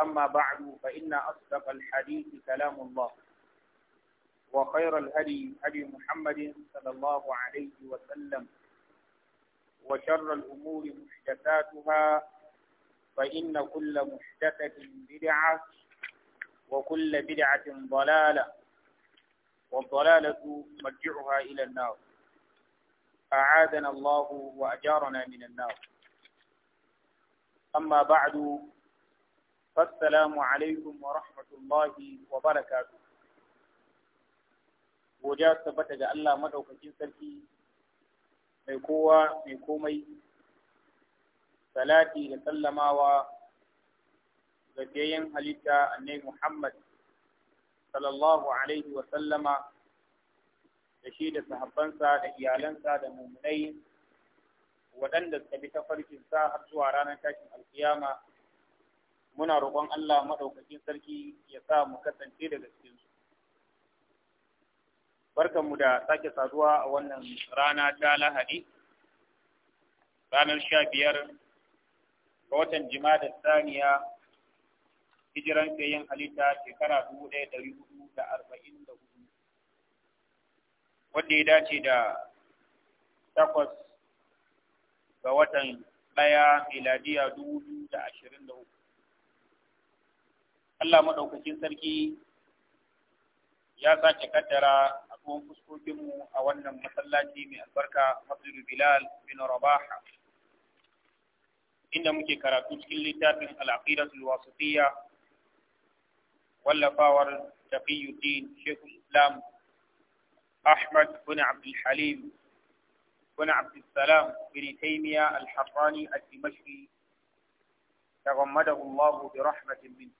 أما بعد فإن أصدق الحديث كلام الله وخير الهدي هدي محمد صلى الله عليه وسلم وشر الأمور محدثاتها فإن كل محدثة بدعة وكل بدعة ضلالة والضلالة مرجعها إلى النار أعاذنا الله وأجارنا من النار أما بعد Assalamu alaikum wa rahmatullahi wa barakatu. tabbata ga Allah maɗaukakin sarki mai kowa mai komai, salati da sallamawa ga fiyayyen halitta annai Muhammad sallallahu alaihi wa da shi da sahabbansa da iyalansa da mummunai waɗanda suka bi ta farkinsa har zuwa ranar tashin alkiyama muna roƙon Allah maɗaukakin sarki ya sa mu kasance daga cikin su barkanmu da sake saduwa a wannan rana ta Lahadi ranar sha biyar ga watan da saniya hijiran yin halitta shekara dubu ɗaya ɗari hudu da arba'in da hudu wanda ya dace da takwas ga watan ɗaya miladiya dubu da ashirin da uku Allah maɗaukakin sarki ya sake kaddara abubuwan fuskokinmu a wannan masallaci mai albarka Abdul Bilal bin Rabaha inda muke karatu cikin littafin al-aqidatul wasitiyya wallafawar Taqiyuddin Sheikhul Islam Ahmad bin Abdul Halim bin Abdul Salam bin al-Harrani al-Dimashqi تغمده الله برحمة منه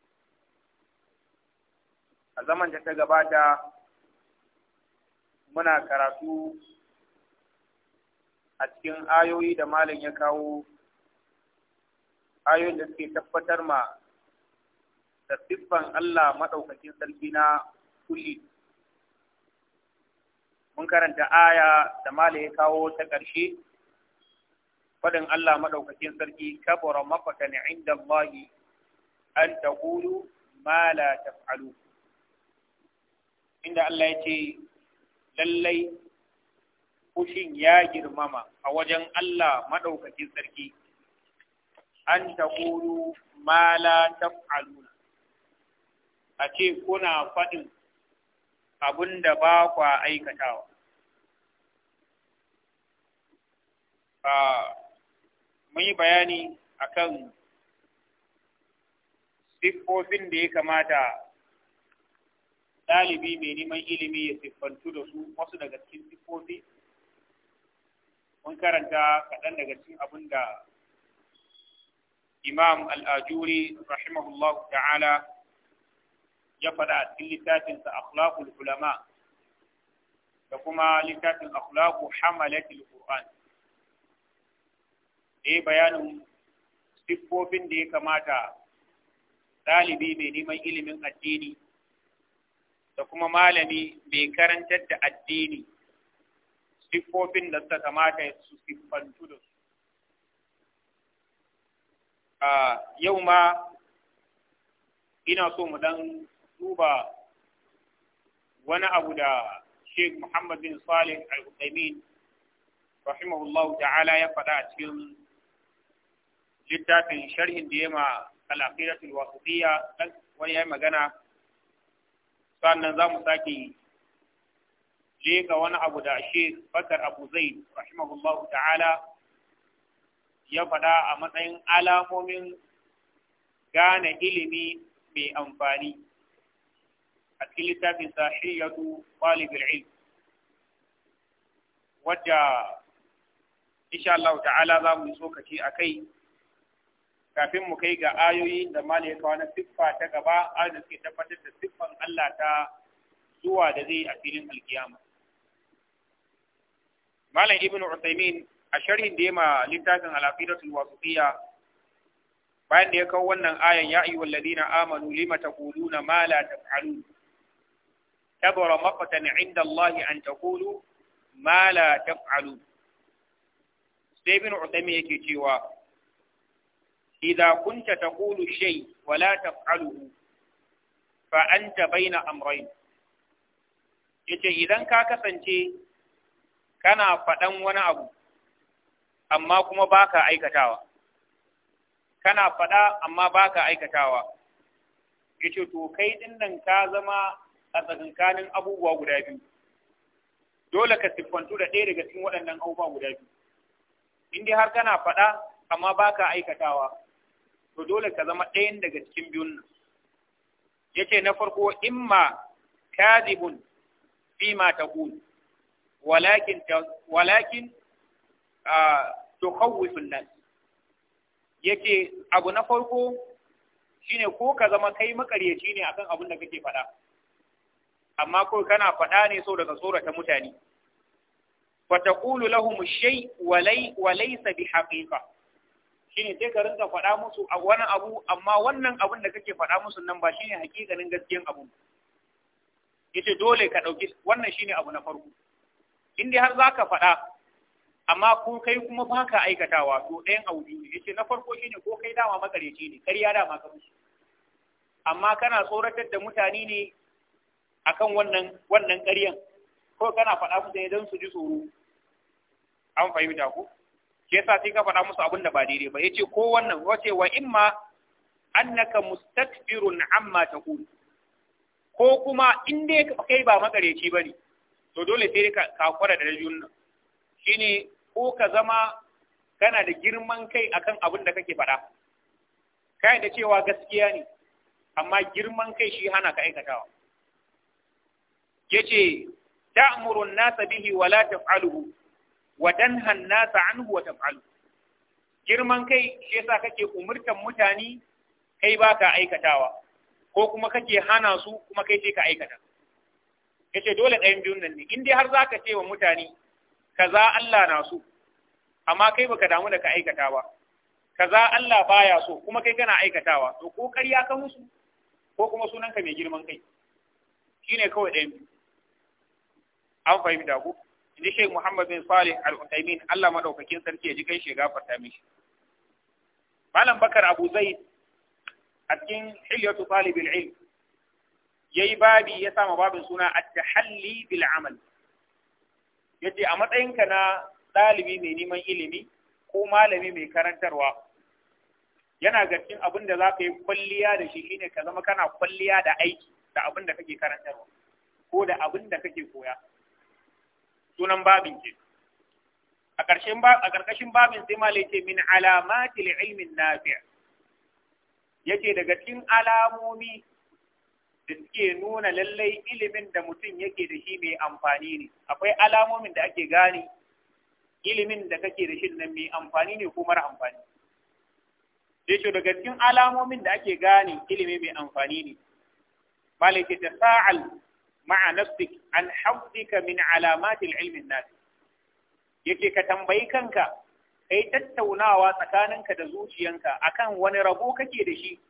a zaman da ta gabata muna karatu a cikin ayoyi da malam ya kawo ayoyin da suke tabbatar ma da siffan Allah maɗaukakin sarki na kulli mun karanta aya da malam ya kawo ta ƙarshe faɗin Allah maɗaukakin sarki kabura mafatan inda Allah an taqulu ma la taf'alu inda Allah ya ce lallai fushin ya girmama a wajen Allah maɗaukakin sarki an ta kuru ma la a ce kuna faɗin abin da ba kwa aikatawa mun yi bayani akan siffofin da ya kamata ɗalibi mai neman ilimi ya siffantu da su wasu daga cikin siffofi mun karanta kaɗan daga cikin abin da imam al'ajuri rahimahullahu ta'ala ya faɗa a cikin littafinsa akhlaqul ulama da kuma littafin akhlaqu hamalatul qur'an eh bayanin siffofin da ya kamata ɗalibi mai neman ilimin addini da kuma malami mai karantar da addini siffofin da suka kamata su siffantu da su a yau ma ina so mu dan duba wani abu da Sheikh Muhammad bin Salih Al-Uthaymeen rahimahullahu ta'ala ya faɗa a cikin littafin sharhin da ya ma al-aqidatul wasitiyya wani ya magana sannan za mu sake leka wani abu da ashe. Bakar Abu Zaid rahimahullahu ta'ala ya faɗa a matsayin alamomin gane ilimi mai amfani a cikin littafin sahiyatu talibul ilm wadda insha Allah ta'ala za mu yi tsokaci a kai kafin mu kai ga ayoyi da mali ya kawo na siffa ta gaba a da suke tabbatar da siffan Allah ta zuwa da zai a filin alkiyama malam ibn usaimin a sharhin da ya ma littafin al-aqidatul wasitiyya bayan da ya kawo wannan ayan ya ayyuhal ladina amanu lima taquluna ma la taf'alun kabara maqtan 'inda Allah an taqulu ma la taf'alun sai ibn usaimin yake cewa idza kunta taqulu shay wa la taf'aluhu fa anta baina amrayn yace idan ka kasance kana faɗan wani abu amma kuma baka aikatawa kana faɗa amma baka aikatawa yace to kai din nan ka zama a tsakankanin abubuwa guda biyu dole ka siffantu da ɗaya daga cikin waɗannan abubuwa guda biyu in har kana faɗa amma baka aikatawa to dole ka zama ɗayan daga cikin biyun nan yace na farko imma kadibun ta taqul walakin walakin tukhawwifu an-nas yace abu na farko shine ko ka zama kai makaryaci ne akan abin da kake faɗa amma ko kana faɗa ne so daga tsorata mutane fa taqulu lahum shay walai walaysa bi haqiqa shine sai ka rinka faɗa musu a wani abu amma wannan abun da kake faɗa musu nan ba shine hakikanin gaskiyan abu yace dole ka ɗauki wannan shine abu na farko in dai har zaka faɗa amma ko kai kuma baka aikatawa to ɗayan abu biyu yace na farko shine ko kai dama makareci ne ƙarya dama ka musu amma kana tsoratar da mutane ne akan wannan wannan ƙaryan ko kana faɗa musu ne don su ji tsoro an fahimta ku Ke sa sai ka faɗa musu abin da ba daidai ba yace ko wannan wace wa imma annaka mustakbirun amma taqul ko kuma in dai kai ba makareci bane to dole sai ka kakura da rajulun nan shine ko ka zama kana da girman kai akan abin da kake faɗa kai da cewa gaskiya ne amma girman kai shi hana ka aikatawa yace ta'muru an-nasa bihi wa la taf'aluhu Waɗannan tanha an huwa ta wa girman kai shi yasa kake umurtan mutane kai baka aikatawa ko kuma kake hana su kuma kai sai ka aikata Ya ce dole ɗayan biyun nan ne in dai har za ka ce wa mutane ka za Allah na so amma kai baka damu da ka aikata ba za Allah baya so kuma kai kana aikatawa to ko ƙarya ka musu ko kuma sunanka mai girman kai shine kawai ɗayan biyu an fahimta ko inji shi Muhammad bin Salih Al-Utaimin Allah madaukakin sarki ya ji kai shi farta mishi Malam Bakar Abu Zaid a cikin Hilyatu Talib al-Ilm yayi babi ya sama babin suna at-tahalli bil amal yace a matsayin ka na ɗalibi mai neman ilimi ko malami mai karantarwa yana ga cikin abin da za ka yi kwalliya da shi shine ka zama kana kwalliya da aiki da abin da kake karantarwa ko da abin da kake koya sunan babin ke a ƙarshen babin a ƙarƙashin babin sai ma ce min alamati ilmin nafi' ce daga cikin alamomi da suke nuna lallai ilimin da mutum yake da shi mai amfani ne akwai alamomin da ake gane ilimin da kake da shi nan mai amfani ne ko mara amfani sai ce daga cikin alamomin da ake gane ilimi mai amfani ne malaka ta sa'al ma'a nafsik an hafdika min alamatil ilmi nasi yake ka tambayi kanka kai tattaunawa tsakaninka da zuciyanka akan wani rabo kake da shi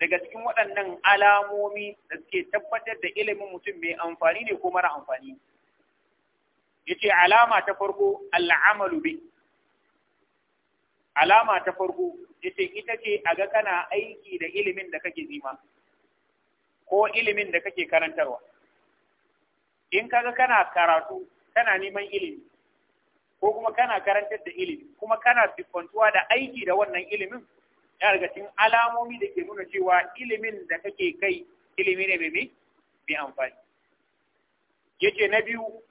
daga cikin waɗannan alamomi da suke tabbatar da ilimin mutum mai amfani ne ko mara amfani yace alama ta farko al'amalu bi alama ta farko yace ita ce a ga kana aiki da ilimin da kake zima ko ilimin da kake karantarwa in kaga kana karatu kana neman ilimi ko kuma kana karantar da ilimi kuma kana siffantuwa da aiki da wannan ilimin ya daga cikin alamomi da ke nuna cewa ilimin da kake kai ilimi ne mai mai amfani yace na biyu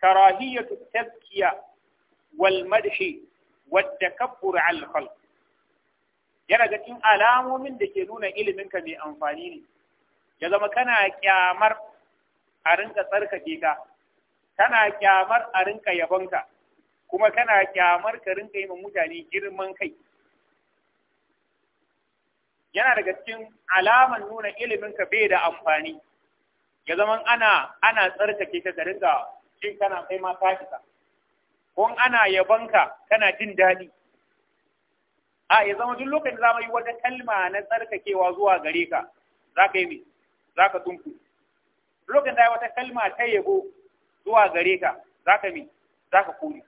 karahiyatu tazkiya wal madhi wat takabbur al khalq ya daga cikin alamomin da ke nuna ilimin ka mai amfani ne ya zama kana kyamar a rinka tsarkake ka kana kyamar a rinka yabonka kuma kana kyamar ka rinka yi ma mutane girman kai yana daga cikin alaman nuna ilimin ka bai da amfani ya zama ana ana tsarkake ka ka rinka jin kana kai ma ka ko ana yabonka kana jin daɗi a ya zama duk lokacin da za mu yi wata kalma na tsarkakewa zuwa gare ka za ka yi me za ka tunku lokacin da wata kalma ta yabo zuwa gare ka za zaka mi ka kore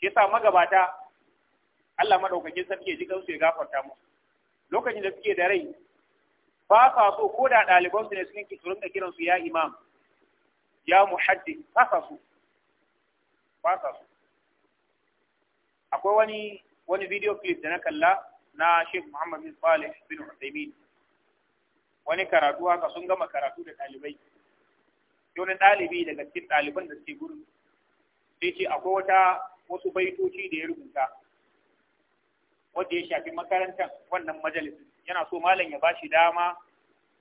shi yasa magabata Allah madaukake sarki ya ji kansu ya gafarta mu lokacin da suke da rai ba sa so ko da ɗaliban su ne suke ki surun kiran su ya imam ya muhaddis ba sa so ba sa so akwai wani wani video clip da na kalla na Sheikh Muhammad bin Saleh bin Uthaymeen wani karatu haka sun gama karatu da ɗalibai wani ɗalibi daga cikin ɗaliban da suke gurin sai ce akwai wata wasu baitoci da ya rubuta wanda ya shafi makarantar wannan majalisin yana so malam ya bashi dama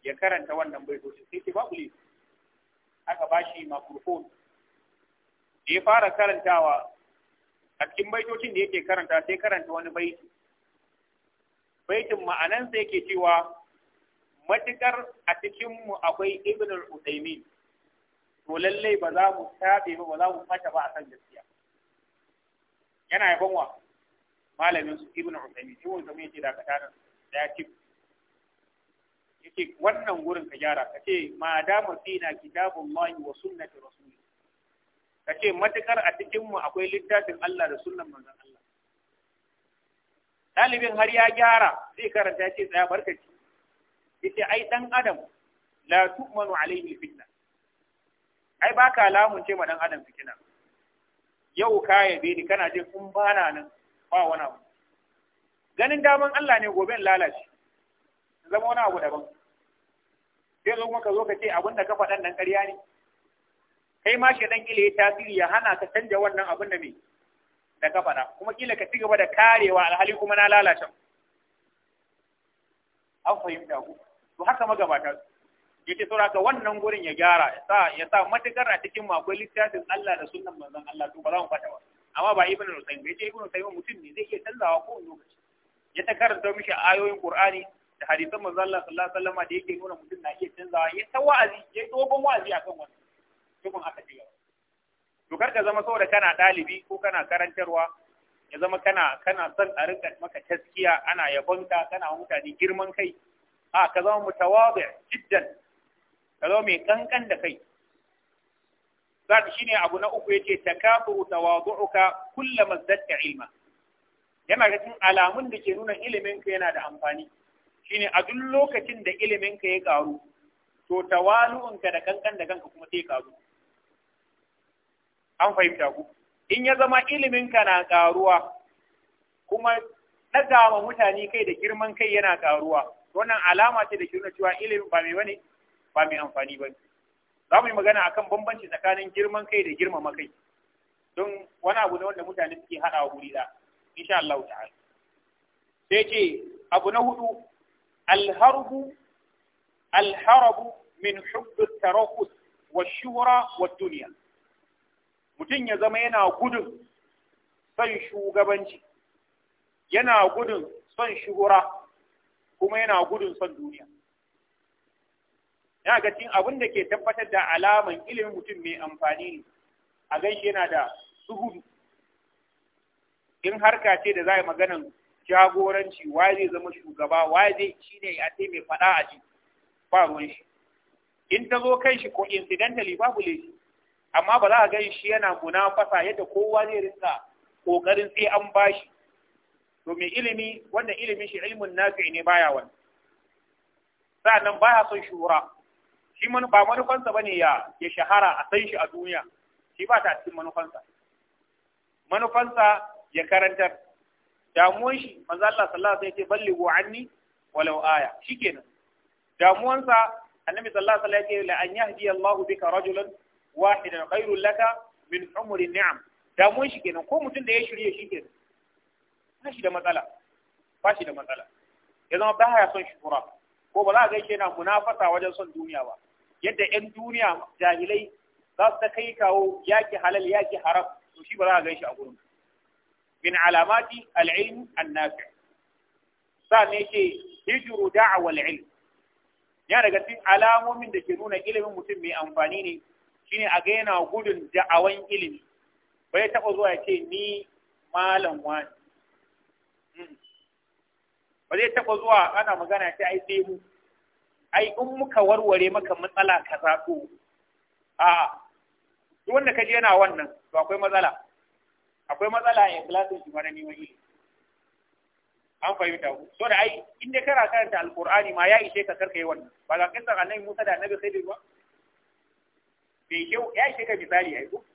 ya karanta wannan baitoci sai ce babu ne aka bashi microphone da ya fara karantawa a cikin baitocin da yake karanta sai karanta wani baiti baitin ma'anansa yake cewa matukar a cikinmu akwai ibn al-usaimin to lallai ba za mu tabe ba ba za mu fata ba a kan gaskiya yana yaban wa malamin su ibn usaimin ibn usaimin yake da ka da ya ce yake wannan gurin ka gyara ka ce ma dama kitabun kitabullahi wa sunnati rasuli ka ce matukar a cikinmu akwai littafin Allah da sunnan manzon Allah ɗalibin har ya gyara zai karanta ce tsaya barkaci yace ai dan adam la tu'manu alaihi fitna ai baka lamun ce ma dan adam fitina yau ka yabe ni kana jin in bana nan ba wani abu ganin daman Allah ne gobe lalace zama wani abu daban sai zo kuma ka zo ka ce abin da ka faɗan nan ƙarya ne kai ma shi dan kila ya tasiri ya hana ka canja wannan abin da me da ka faɗa kuma kila ka ci gaba da karewa alhali kuma na lalace an fahimta ku to haka magabata yake ce ka wannan gurin ya gyara ya sa matukar a cikin akwai littafin Allah da sunan manzon Allah to ba za mu fata ba amma ba ibn al-Usayn bai ce ibn al-Usayn mutum ne zai iya canzawa ko wani lokaci ya ta karanta mishi ayoyin Qur'ani da hadisan manzon Allah sallallahu alaihi wasallam da yake nuna mutum na iya canzawa ya ta wa'azi ya dogon wa'azi akan wannan tukun aka ce gaba to kar ka zama saboda kana ɗalibi ko kana karantarwa ya zama kana kana son a rinka maka taskiya ana yabonka kana mutane girman kai a ka zama mutawadi jiddan ka zama mai kankan da kai shi shine abu na uku yace takafuru tawadu'uka kullama zadda ilma yana ga cikin alamun da ke nuna ilimin ka yana da amfani shine a duk lokacin da ilimin ka ya karu to tawalu'un ka da kankan da kanka kuma sai karu an fahimta ku in ya zama ilimin ka na karuwa kuma ɗaga ma mutane kai da girman kai yana karuwa wannan alama ce da ke nuna cewa ilimin ba mai bane ba mai amfani ba za mu yi magana akan bambanci tsakanin girman kai da girmama kai don wani abu ne wanda mutane suke haɗawa guri da insha Allah ta'ala sai ce abu na hudu alharbu alharbu min hubbu tarakus wa shura wa duniya mutum ya zama yana gudun son shugabanci yana gudun son shuhura kuma yana gudun son duniya ya ga cin abin da ke tabbatar da alaman ilimin mutum mai amfani ne a ganshi yana da suhudu in harka ce da za a maganan jagoranci wa zai zama shugaba wa zai shi ne a ce mai faɗa a ji ba ruwan shi in ta zo kai shi ko incidentally babu laifi amma ba za a gan shi yana munafasa yadda kowa zai rinka kokarin sai an bashi to ilimi wannan ilimin shi ilmun nafi ne baya wani sa'annan baya son shura shi man ba manufansa bane ya ya shahara a san shi a duniya shi ba ta cikin manufansa manufansa ya karantar damuwan shi manzo Allah sallallahu alaihi wasallam ya ce ballighu anni walau aya shikenan damuwansa annabi sallallahu alaihi wasallam ya ce la an yahdi Allah bika rajulan wahidan khairul laka min umri ni'am damuwan shi kenan ko mutum da ya shirye shi kenan ba shi da matsala ba shi da matsala ya zama ba ya son shura. ko ba za a gaishe na munafasa wajen son duniya ba yadda 'yan duniya jahilai za su ta kai kawo yaki halal yaki haram to shi ba za a gaishe a gurin min alamati al-ilm an-nafi sa ne ke hijru da'wa al-ilm ya daga cikin alamomin da ke nuna ilimin mutum mai amfani ne shine a ga yana gudun da'awan ilimi bai taɓa zuwa ya ce ni malam wani ba zai taɓa zuwa ana magana ta ai sai mu ai in muka warware maka matsala ka zato. a duk wanda kaji yana wannan to akwai matsala akwai matsala a ikhlasin shi mara neman ilimi an fahimta ku so da ai in dai kana karanta alqur'ani ma ya ishe ka karka yi wannan ba ga kisan annabi Musa da annabi Khidir ba bai yau ya ishe ka misali ai ko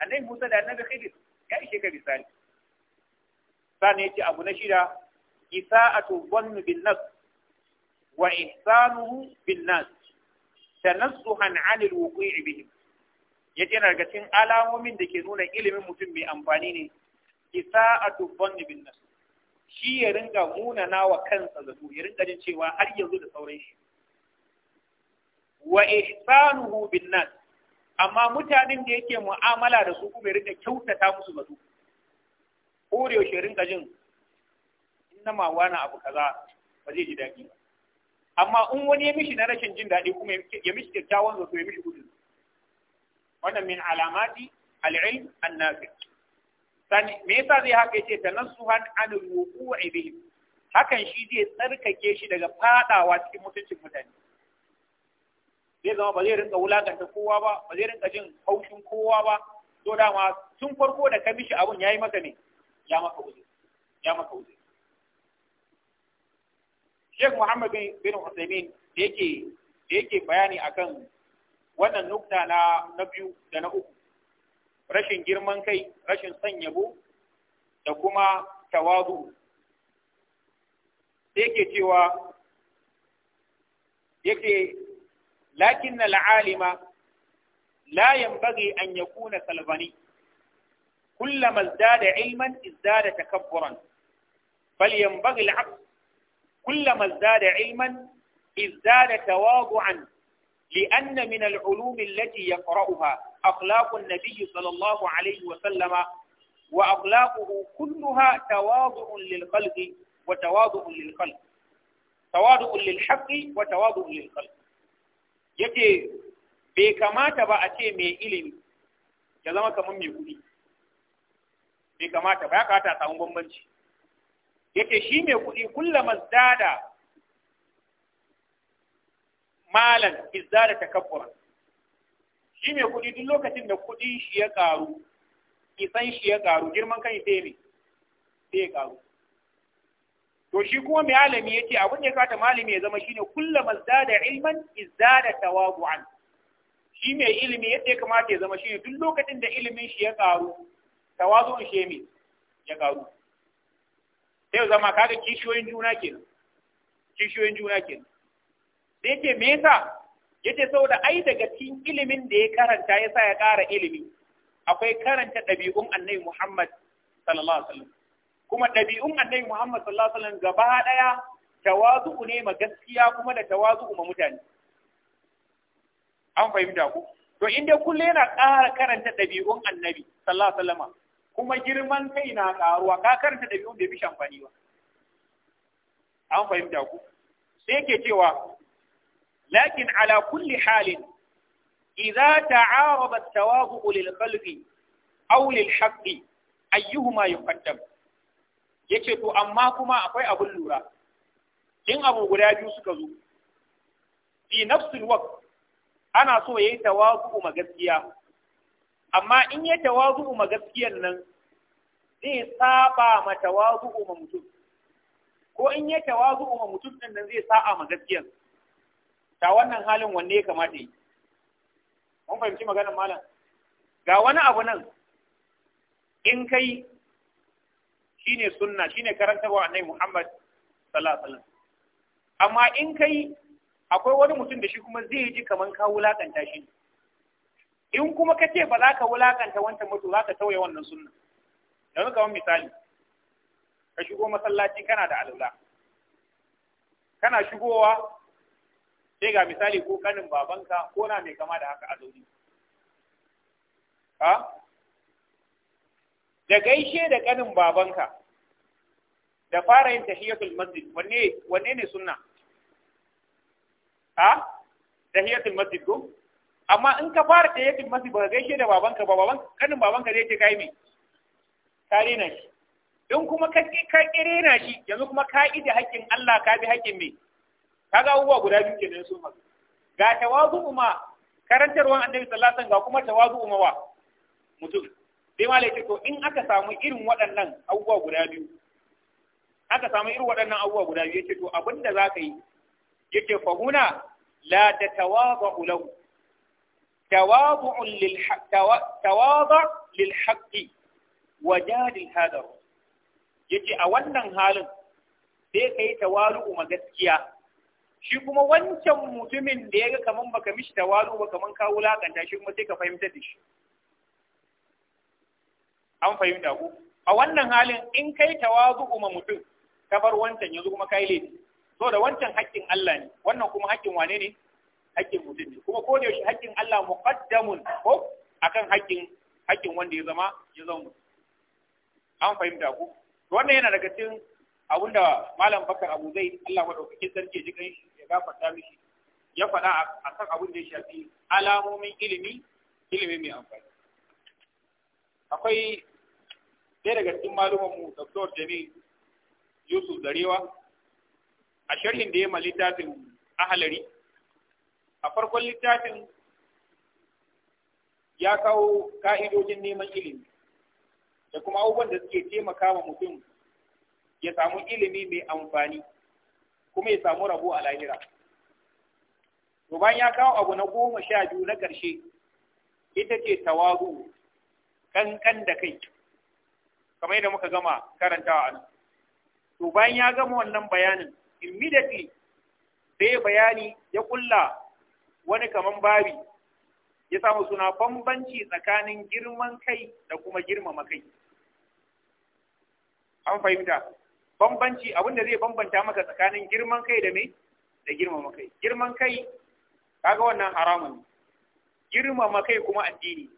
annabi Musa da annabi Khidir ya ishe ka misali ya ci abu na shida isa'atu dhann bin nafs wa ihsanuhu bin nas tanazzuhan 'an al-wuqi' bihim yace yana daga cikin alamomin da ke nuna ilimin mutum mai amfani ne isa'atu dhann bin nas shi ya ringa munana wa kansa zato ya ringa jin cewa har yanzu da sauran shi wa ihsanuhu bin nas amma mutanen da yake mu'amala da su kuma ya ringa kyautata musu zato ko da yaushe ringa jin na mawa na abu kaza ba zai ji daɗi ba amma in wani ya mishi na rashin jin daɗi kuma ya mishi kyakkyawan zato ya mishi gudun wannan min alamati al-ilm an-nafi sani me yasa zai haka yace tanassuhan an al-wuqu'i bihi hakan shi zai tsarkake shi daga fadawa cikin mutuncin mutane zai zama ba zai rinka wulakanta kowa ba ba zai rinka jin haushin kowa ba to dama tun farko da ka mishi abun yayi maka ne ya maka wuce ya maka wuce Sheikh Muhammad bin Uthaymeen da yake da yake bayani akan wannan nukta na na biyu da na uku rashin girman kai rashin son yabo da kuma tawazu sai yake cewa yake lakin la'alima, la yanbaghi an yakuna salbani zada ilman علما takabburan. Bal بل ينبغي العكس كلما ازداد علما ازداد تواضعا لأن من العلوم التي يقرأها أخلاق النبي صلى الله عليه وسلم وأخلاقه كلها تواضع للخلق وتواضع للخلق تواضع للحق وتواضع للخلق yake bai kamata ba a ce mai ilimi ya zama kamar mai kuɗi bai kamata ba ya kamata a samu bambanci yace shi mai kuɗi kullama zada malan izada takabbura shi mai kuɗi duk lokacin da kuɗin shi ya ƙaru isan shi ya ƙaru girman kai sai ne sai ya ƙaru to shi kuma mai alami ya ce abin da ya kata malami ya zama shine kullama zada ilman izada tawabu'an shi mai ilimi yadda ya kamata ya zama shi ne duk lokacin da ilimin shi ya ƙaru tawazu'un shi ya ƙaru sai zama kaga kishiyoyin juna kenan kishiyoyin juna kenan sai yace me yasa yace saboda ai daga cikin ilimin da ya karanta yasa ya ƙara ilimi akwai karanta ɗabi'un annabi Muhammad sallallahu alaihi wasallam kuma ɗabi'un annabi Muhammad sallallahu alaihi wasallam gaba ɗaya tawazu'u ne ma gaskiya kuma da tawazu'u ma mutane an fahimta ku to inda kullum yana ƙara karanta ɗabi'un annabi sallallahu alaihi wasallam kuma girman kai na ƙaruwa, ka karanta da biyu da bi shamfani ba an fahimta ku sai yake cewa lakin ala kulli halin idza ta'arada at-tawadhu lil khalqi aw lil haqqi ayyuhuma yuqaddam yace to amma kuma akwai abun lura in abu guda biyu suka zo fi nafsul waqt ana so yayi tawazu ma gaskiya amma in ya tawazu ma gaskiyar nan zai saba ma tawazu ma mutum ko in ya tawazu ma mutum din nan zai sa'a ma gaskiyar ta wannan halin wanne ya kamata yi mun fahimci maganar malam ga wani abu nan in kai shine sunna shine karantarwa annabi Muhammad sallallahu alaihi wasallam amma in kai akwai wani mutum da shi kuma zai ji kaman ka wulakanta shi ne in kuma ka ce ba za ka wulakanta wancan mutu za ka tauye wannan sunna muka wani misali ka shigo masallaci kana da alula kana shigowa sai ga misali ko kanin babanka ko na mai kama da haka a zaune ha da gaishe da kanin babanka da fara yin tahiyatul masjid wanne wanne ne sunna ha tahiyatul masjid ko amma in ka fara da yakin masu ba gaishe da babanka ba baban kanin babanka zai ce kai me ka rena shi in kuma ka ka rena shi yanzu kuma ka ide haƙƙin Allah ka bi haƙƙin me ga uwa guda biyu da su ma ga tawazu ma karantarwan annabi sallallahu alaihi wasallam ga kuma tawazu ma wa mutum sai ma ce to in aka samu irin waɗannan abubuwa guda biyu aka samu irin waɗannan abubuwa guda biyu yace to abinda zaka yi yace fa huna la tatawadhu lahu تواضع للحق تواضع للحق وجاد هذا يجي yace a wannan halin sai ka yi tawalu'u ma gaskiya shi kuma wancan mutumin da ya ga kaman baka mishi tawalu ba kaman ka wulakanta shi kuma sai ka fahimtar da shi an fahimta ku a wannan halin in kai tawazu'u ma mutum ka bar wancan yanzu kuma kai laifi so da wancan haƙƙin Allah ne wannan kuma haƙƙin wane ne haƙƙin mutum ne kuma ko da yaushe haƙƙin Allah muqaddamun ko akan haƙƙin haƙƙin wanda ya zama ya zama an fahimta ku wannan yana daga cikin abinda malam bakar abu zai Allah madaukakin sarki ya ji kan shi ya gafarta mishi ya faɗa akan abin da ya shafi alamomin ilimi ilimi mai amfani akwai ɗaya daga cikin mu Dr. Jamil Yusuf Darewa a sharhin da ya ma littafin ahalari a farkon littafin ya kawo ka'idojin neman ilimi da kuma abubuwan da suke taimaka wa mutum ya samu ilimi mai amfani kuma ya samu rabo a lahira. To ya kawo abu na goma sha biyu na ƙarshe ita ce tawazu ƙanƙan da kai kamar yadda muka gama karantawa a nan. To ya gama wannan bayanin immediately sai bayani ya ƙulla. wani kaman babi ya samu suna bambanci tsakanin girman kai da kuma girmama kai an fahimta bambanci abin da zai bambanta maka tsakanin girman kai da me da girmama kai girman kai kaga wannan haramun girmama kai kuma addini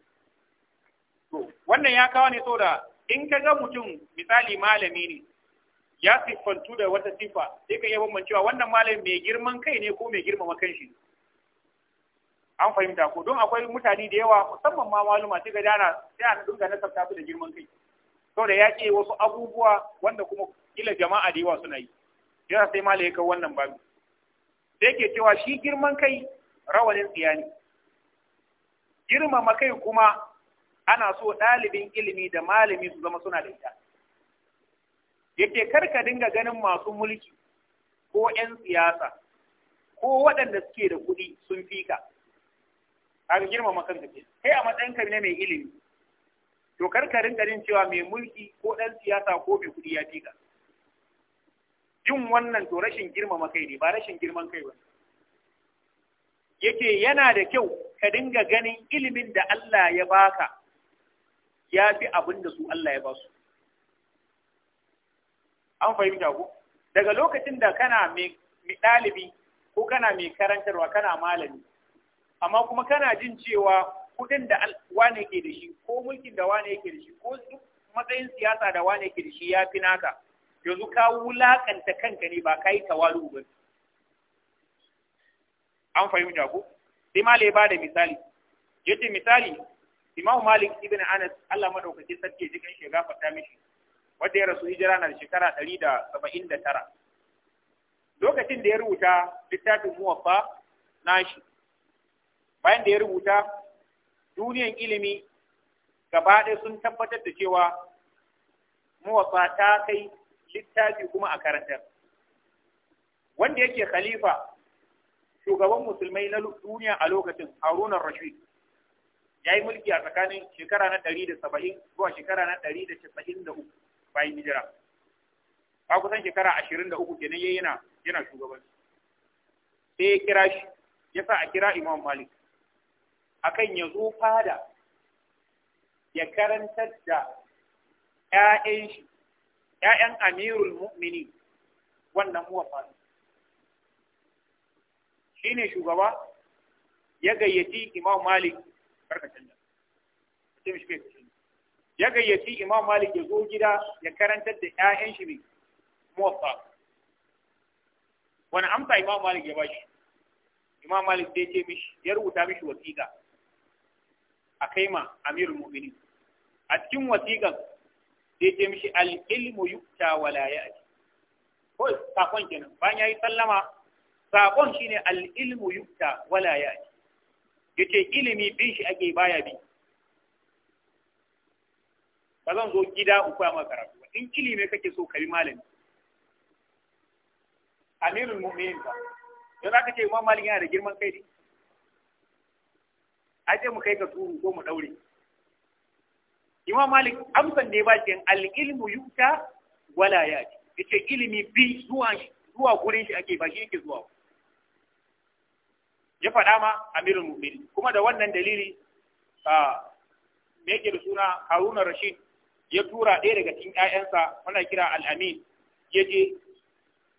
to wannan ya kawo ne saboda in ka ga mutum misali malami ne ya siffantu da wata sifa sai ka iya bambancewa wannan malami mai girman kai ne ko mai girmama kan kanshi an fahimta ko don akwai mutane da yawa musamman ma maluma sai ga dana sai an dinga na tsafta da girman kai da ya ce wasu abubuwa wanda kuma kila jama'a da yawa suna yi yana sai malai ka wannan babu sai ke cewa shi girman kai rawanin tsiya ne girmama kai kuma ana so ɗalibin ilimi da malami su zama suna da ita yake karka dinga ganin masu mulki ko 'yan siyasa ko waɗanda suke da kuɗi sun fika kaga girmama kanka ce kai a matsayin ka ne mai ilimi to ka rinka cewa mai mulki ko dan siyasa ko mai kudi ya fi ka. jin wannan to rashin girmama kai ne ba rashin girman kai ba yake yana da kyau ka dinga ganin ilimin da Allah ya baka ya fi abin da su Allah ya ba su an fahimta ku daga lokacin da kana mai ɗalibi ko kana mai karantarwa kana malami amma kuma kana jin cewa kuɗin da wane yake da shi ko mulkin da wane yake da shi ko duk matsayin siyasa da wane yake da shi ya fi naka yanzu ka wulakanta kanka ne ba ka yi tawalu ba an fahimta ko sai malai ba da misali yace misali imamu malik ibn anas Allah madaukaki sarki jikin shi gafarta mishi wanda ya rasu hijira na shekara 179 lokacin da ya rubuta littafin muwaffa nashi bayan da ya rubuta duniyan ilimi gaba ɗaya sun tabbatar da cewa mawasa ta kai littafi kuma a karantar wanda yake khalifa shugaban musulmai na duniya a lokacin harunan rashid ya yi mulki a tsakanin shekara na 170 zuwa shekara na 193 bayan hijira ba kusan shekara 23 kenan yayi yana yana shugaban sai ya kira shi ya sa a kira imam malik akan ya zo fada ya karantar da ‘ya'yan shi, ‘ya'yan amirul mu'mini wannan muwafa. Shi ne shugaba ya gayyaci Imam Malik karkashin da. Ya gayyaci Imam Malik ya zo gida ya karantar da ‘ya'yan shi ne muwafa. Wani amsa Imam Malik ya bashi, Imam Malik sai ce mishi, ya rubuta mishi wasiƙa. a kai ma amirul mu'minin a cikin wasiƙan da ce mishi al'ilmu yukta wala ya ake ko sakon kenan bayan yi sallama sakon shine ne al'ilmu yukta Ya ake ya ce ilimi bin shi ake baya bi ba zan zo gida in koya maka karatu ba in ilimi kake so ka bi malami amirul mu'minin ba yanzu aka ce imam malik yana da girman kai ne Aje mu kai ka turu ko mu daure imam malik amsan ne ba ce al-ilmu yuka wala yati yace ilimi bi zuwa zuwa gurin shi ake ba shi yake zuwa ya faɗa ma amirul mu'minin kuma da wannan dalili me yake da suna haruna rashid ya tura ɗaya daga cikin ƴaƴansa wanda kira al-amin yaje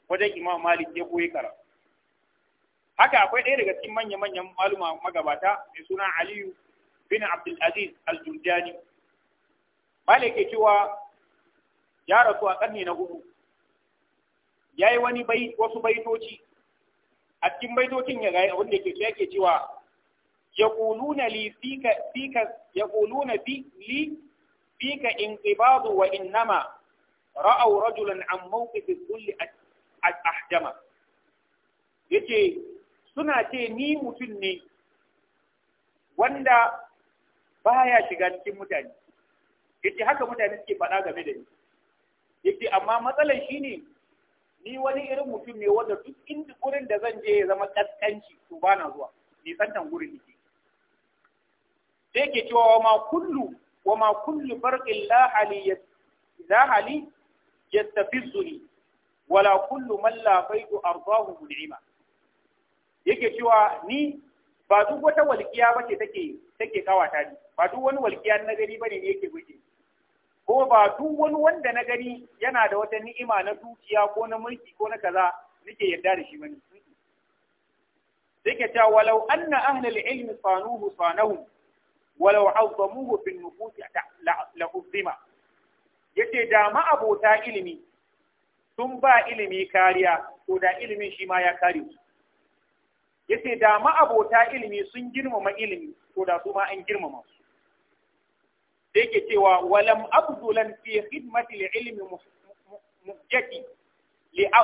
wajen imam malik ya koyi karatu haka akwai ɗaya daga cikin manya-manyan maluma magabata mai suna aliyu bin abdulaziz al-jurjani malai ke cewa ya rasu a ƙarni na hudu ya yi wani bai wasu baitoci a cikin baitocin ya gaya wanda ke ke cewa ya kuluna li fika fika ya kuluna fi li fika inqibadu wa innama ra'aw rajulan an mawqif kulli ahdama yace suna ce ni mutum ne wanda ya shiga cikin mutane yake haka mutane suke faɗa game da ni yake amma matsalar shi ne, ni wani irin mutum ne wanda duk inda gurin da zan je ya zama ɗanɗanci to ba na zuwa ni gurin nake sai yake cewa wa ma kullu wa ma kullu farqin la yastafizuni wala kullu man la faidu ardahu mun'ima yake cewa ni ba duk wata walƙiya ba ce take take kawata ni ba duk wani walƙiya na gari ba ne yake wuce ko ba duk wani wanda na gari yana da wata ni'ima na dukiya ko na mulki ko na kaza nake yarda da shi bane yake cewa walau anna ahlul ilmi sanuhu sanahu walau azzamuhu bin nufusi la uzima yace da ma abota ilimi sun ba ilimi kariya ko da ilimin shi ma ya kare su yace da ma'abota ilimi sun girmama ilimi to da su ma an girmama su da yake cewa walam abdulan fi khidmati ilmi mujjati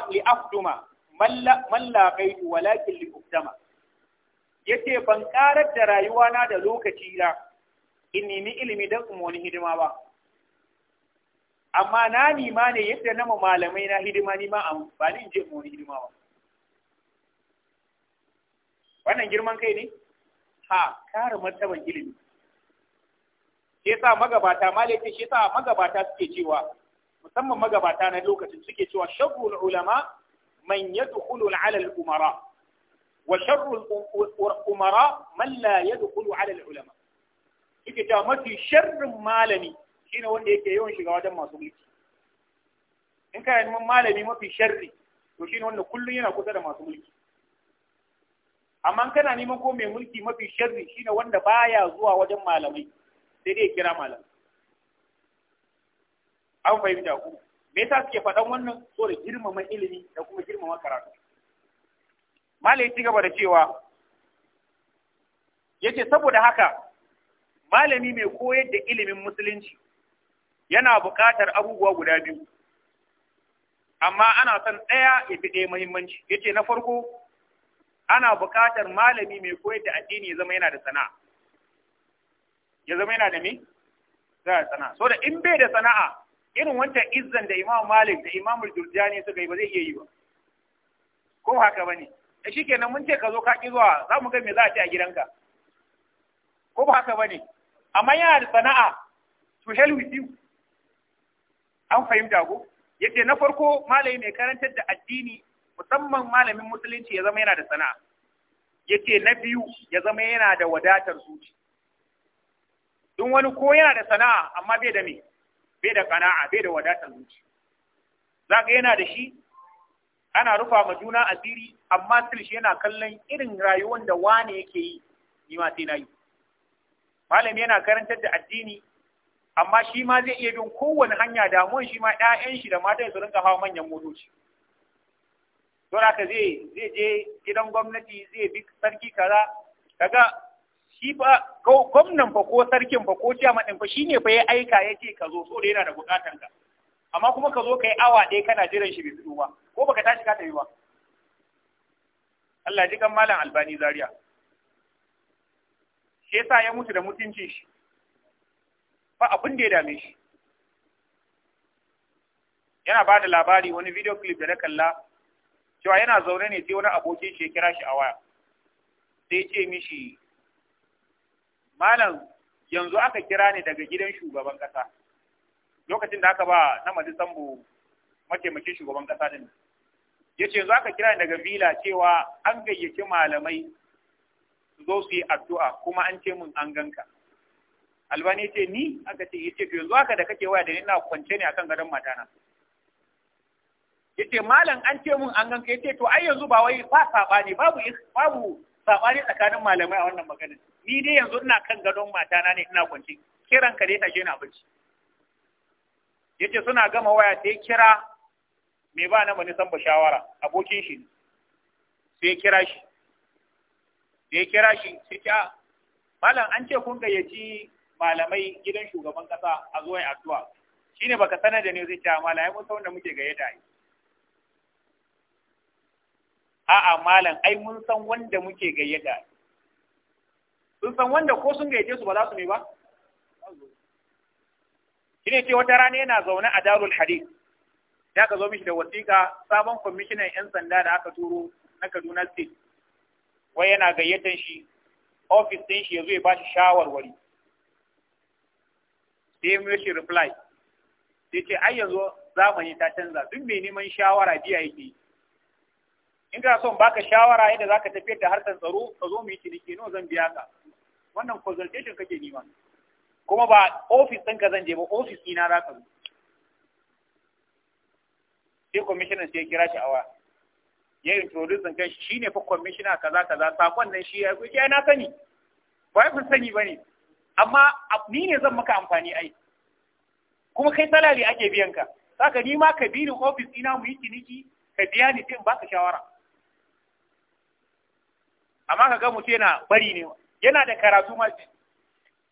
li afduma man la qaitu walakin li ukdama yace ban karar da rayuwa na da lokaci da, in nemi ilimi da kuma wani hidima ba amma na ma ne yadda na malamai na hidima ni ma ba ni in je wani hidima ba wannan girman kai ne ha kare martaban ilimi shi yasa magabata malaka shi yasa magabata suke cewa musamman magabata na lokacin suke cewa sharrul ulama man yadkhulu ala al umara wa sharrul umara man la yadkhulu ala al ulama suke cewa mafi sharrin malami shine wanda yake yawan shiga wajen masu mulki in ka yi malami mafi sharri to shine wanda kullun yana kusa da masu mulki amma kana neman ko mai mulki mafi sharri shine wanda baya zuwa wajen malamai sai dai kira malamai an fahimta ku me yasa suke faɗan wannan so da girmama ilimi da kuma girmama karatu malai ci gaba da cewa yace saboda haka malami mai koyar da ilimin musulunci yana buƙatar abubuwa guda biyu amma ana son ɗaya ya fi ɗaya muhimmanci yace na farko ana buƙatar malami mai koyar da addini ya zama yana da sana'a ya zama yana da me da sana'a so da in bai da sana'a irin wancan izzan da Imam Malik da Imam Jurjani suka yi ba zai iya yi ba ko haka bane da eh, kenan mun ce ka zo ka ki zuwa za mu ga me za a ci a gidanka ko ba haka bane amma yana da sana'a to hell with you an fahimta ko yace na farko malami mai karantar da addini musamman malamin musulunci ya zama yana da sana'a yace na biyu ya zama yana da wadatar zuci Don wani ko yana da sana'a amma bai da me bai da kana'a bai da wadatar zuci zaka yana da shi ana rufa ma juna asiri amma still shi yana kallon irin rayuwar da wane yake yi ni ma sai na yi malami yana karantar da addini amma shi ma zai iya bin kowane hanya damuwan shi ma 'ya'yan shi da matan su rinka hawa manyan motoci don haka zai zai je gidan gwamnati zai bi sarki kaza kaga shi fa ko gwamnan fa ko sarkin fa ko ciyaman din fa shine fa ya aika yace ka zo so da yana da bukatan ka amma kuma ka zo kai awa ɗaya kana jiran shi bai fito ba ko baka tashi ka tafi ba Allah ji kan malam albani zaria shi yasa ya mutu da mutuncin shi fa abin da ya dame shi yana ba da labari wani video clip da na kalla cewa yana zaune ne sai wani abokin shi ya kira shi a waya sai ce mishi malam yanzu aka kira ni daga gidan shugaban kasa lokacin da aka ba na madisambo mataimakin shugaban kasa din ya ce yanzu aka kira ni daga vila cewa an gayyaci malamai su zo su yi addu'a kuma an ce mun an ganka albani ce ni aka ce ya ce yanzu haka da kake waya da ni ina kwance ne akan gadon matana yace malam an ce mun an ganka yace to ai yanzu ba wai ba sabani babu babu sabani tsakanin malamai a wannan magana ni dai yanzu ina kan gadon matana ne ina kwance kiran ka dai tashe ni abinci yace suna gama waya sai kira me ba na mani san ba shawara abokin shi sai kira shi sai kira shi sai ta malam an ce kun gayyaci malamai gidan shugaban kasa a zuwa addu'a shine baka sanar da ni zai ta ah, malamai mun san da muke gayyata yi a'a malam ai mun san wanda muke gayyada. sun san wanda ko sun gayyace su ba za su ne ba shine ce wata rana yana zaune a darul hadith ya ka zo mishi da wasiƙa sabon kwamishinan 'yan sanda da aka turo na Kaduna State wai yana gayyatar shi ofis ɗin shi ya zo ya bashi shawarwari sai mu shi reply sai ce ai yanzu zamani ta canza duk mai neman shawara biya yake in kana son baka shawara yadda zaka tafiyar da harkar tsaro ka zo mu yi ciniki nawa zan biya ka wannan consultation kake nima kuma ba office ɗinka zan je ba office ina za ka zo sai commissioner sai kira shi a waya ya introduce kan shi shine fa commissioner kaza kaza sakon nan shi ya ce na sani ba ku sani bane amma ni ne zan maka amfani ai kuma kai salari ake biyan ka saka ni ma ka bi ni office ina mu yi ciniki ka biya ni din baka shawara amma ka ga mutum yana bari ne yana da karatu ma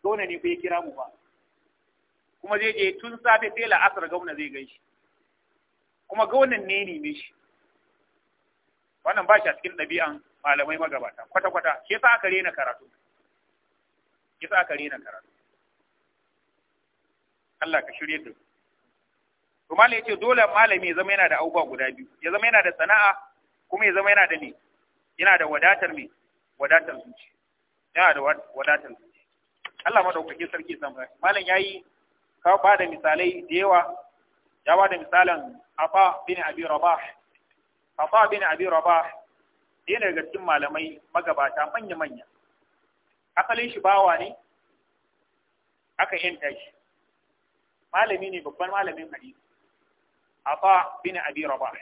dole ne bai kira mu ba kuma zai je tun safe sai la'asar gauna zai gaishe kuma gaunan ne ne shi wannan ba shi a cikin ɗabi'an malamai magabata kwata-kwata shi yasa aka rena karatu shi yasa aka rena karatu Allah ka shirye da to ya ce dole malami ya zama yana da abubuwa guda biyu ya zama yana da sana'a kuma ya zama yana da me yana da wadatar me wadatar zuci yana da wadatar zuci Allah madaukakin sarki san ba malam yayi ka ba da misalai da yawa ya ba da misalan Afa bin Abi Rabah Afa bin Abi Rabah yana daga cikin malamai magabata manya manya asalin shi bawa ne aka yanta shi malami ne babban malamin hadisi Afa bin Abi Rabah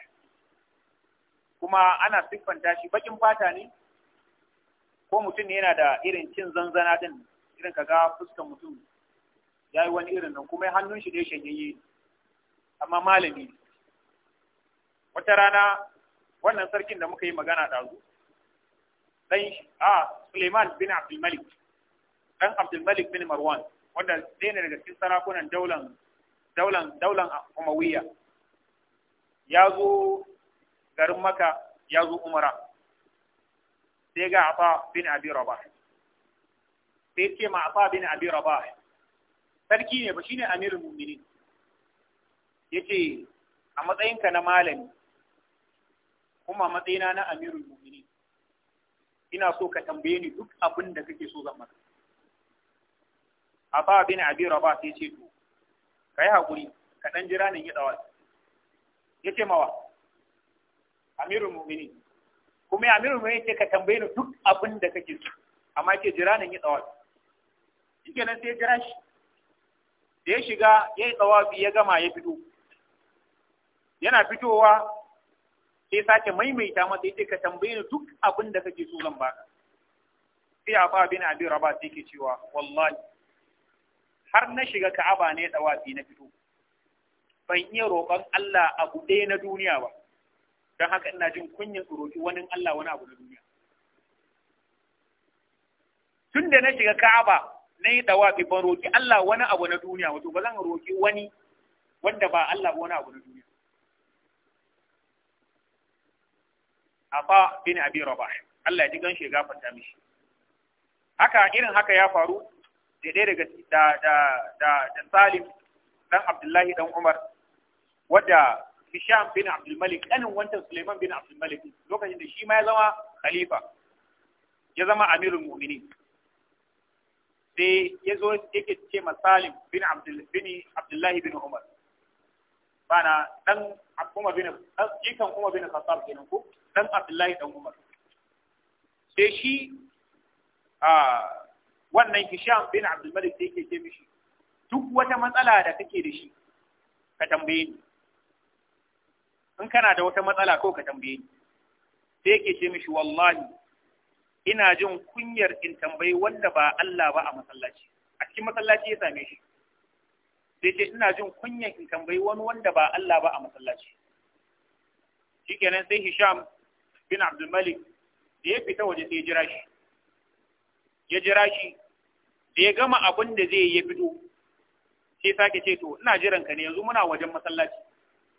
kuma ana siffanta shi bakin fata ne ko mutum ne yana da irin cin zanzana din irin kaga fuskan mutum ya yi wani irin nan kuma hannun shi ne shanyayye amma malami wata rana wannan sarkin da muka yi magana ɗazu dan a suleiman bin abdulmalik ɗan abdulmalik bin marwan wanda dai ne daga cikin sarakunan daular daulan daular Umayya ya zo garin maka ya zo umara sai ga Afa bin Abi raba sai ce ma Afa bin Abi raba sarki ne ba shine amirul mu'minin yace a matsayinka na malami kuma matsayina na amirul mu'minin ina so ka tambaye ni duk abin da kake so zan maka Afa bin Abi raba sai ce to kai hakuri ka dan jira ni ya dawo yace mawa amirul mu'minin kuma ya amiru mai ce ka tambayi ni duk abin da kake so amma ke jira nan yi tsawafi shi kenan sai jira shi da ya shiga ya yi tsawafi ya gama ya fito yana fitowa sai sake maimaita masa ce ka tambayi ni duk abin da kake so zan ba sai fa bin abin raba sai ke cewa wallahi har na shiga ka'aba ne tsawafi na fito ban iya roƙon Allah abu ɗaya na duniya ba don haka ina jin kunyin roƙi wani Allah wani abu na duniya tun da na shiga Ka'aba na yi dawafi ban roƙi Allah wani abu na duniya wato ba zan roƙi wani wanda ba Allah wani abu na duniya Afa bin Abi Rabah Allah ya ji gan shiga fanta mishi haka irin haka ya faru da ɗaya daga da da da Salim dan Abdullahi dan Umar wadda Hisham bin Abdul Malik ɗanin wancan Suleiman bin Abdul Malik lokacin da shi ma ya zama khalifa ya zama amirul mu'minin sai ya zo yake ce masalim bin Abdul bin Abdullahi bin Umar bana dan Umar bin jikan Umar bin Khattab kenan ko dan Abdullahi dan Umar sai shi a wannan Hisham bin Abdul Malik sai yake ce mishi duk wata matsala da kake da shi ka tambaye ni in kana da wata matsala ko ka tambaye ni sai yake ce mishi wallahi ina jin kunyar in tambayi wanda ba Allah ba a masallaci a cikin masallaci ya same shi sai ce ina jin kunyar in tambayi wani wanda ba Allah ba a masallaci shikenan sai Hisham bin Abdul Malik da ya fita waje sai ya jira shi ya jira shi da ya gama abin da zai yi ya fito sai sake ce to ina jiran ka ne yanzu muna wajen masallaci